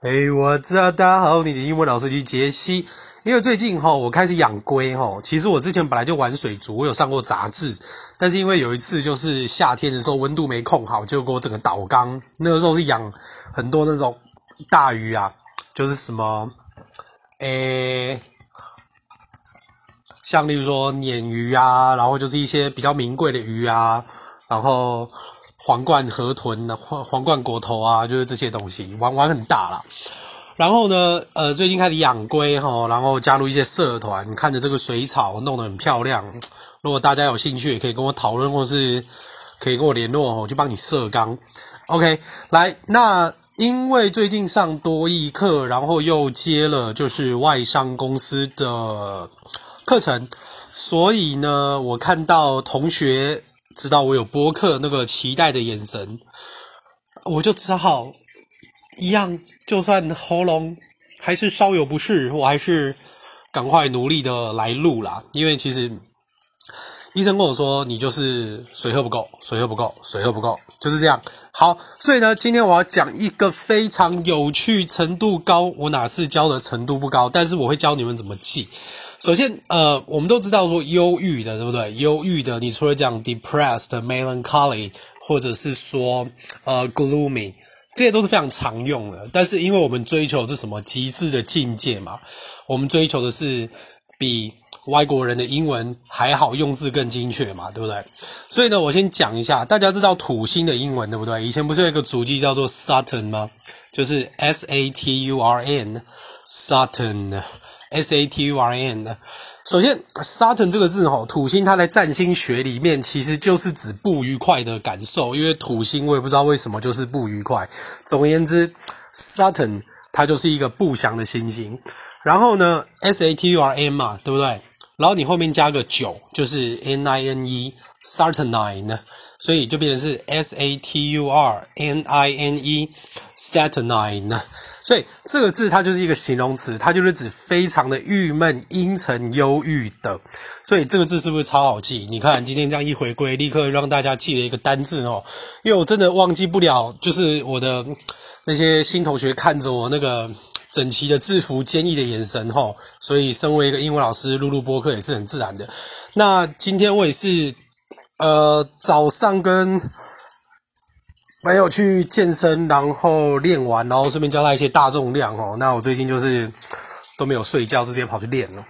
哎，我知道大家好，你的英文老師叫傑西。因為最近哈，我開始養龜哈。其實我之前本來就玩水族，我有上過雜誌。但是因為有一次就是夏天的時候溫度沒控好，就給我整個倒缸。那個時候是養很多那種大魚啊，就是什麼，誒、欸、像例如說鯰魚啊，然後就是一些比較名貴的魚啊，然後。皇冠河豚的皇皇冠果頭啊，就是這些東西玩玩很大啦，然後呢，呃，最近開始養龜哈，然後加入一些社團，看着這個水草弄得很漂亮。如果大家有興趣，也可以跟我討論，或是可以跟我聯絡，我就幫你設缸。OK，來，那因為最近上多益課，然後又接了就是外商公司的課程，所以呢，我看到同學。知道我有播客，那個期待的眼神，我就只好一樣，就算喉嚨還是稍有不適，我還是趕快努力的來錄啦，因為其實。醫生跟我說：“你就是水喝不夠，水喝不夠，水喝不夠，就是這樣。”好，所以呢，今天我要講一個非常有趣、程度高。我哪次教的程度不高？但是我會教你們怎麼記。首先，呃，我們都知道說憂鬱的，對不對？憂鬱的，你除了講 depressed、melancholy，或者是說呃、uh, gloomy，這些都是非常常用的。但是因為我們追求的是什麼？極致的境界嘛，我們追求的是比。外國人的英文還好，用字更精確嘛，對不對？所以呢，我先講一下，大家知道土星的英文對不對？以前不是有一個主機叫做 Saturn 嗎？就是 S A T U R N，Saturn，S A T U R N。首先，Saturn 這個字吼，土星它在占星學裡面其實就是指不愉快的感受，因為土星我也不知道為什麼就是不愉快。總而言之，Saturn 它就是一個不祥的星星。然後呢，S A T U R N 嘛，對不對？然後你後面加個九，就是 n i n e saturnine，所以就變成是 s a t u r n i n e saturnine。所以這個字它就是一個形容詞，它就是指非常的鬱悶、陰沉、憂鬱的。所以這個字是不是超好記？你看今天這樣一回歸，立刻讓大家記了一個單字哦。因為我真的忘記不了，就是我的那些新同學看着我那個。整齊的制服，堅毅的眼神，吼！所以身為一個英文老師錄錄播客也是很自然的。那今天我也是，呃，早上跟朋友去健身，然後練完，然後順便教他一些大重量，吼！那我最近就是都沒有睡覺，直接跑去練了。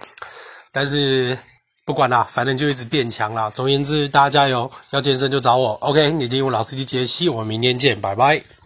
但是不管啦，反正就一直變強啦。總言之，大家加油！要健身就找我，OK？你的英文老師就傑西，我們明天見，拜拜。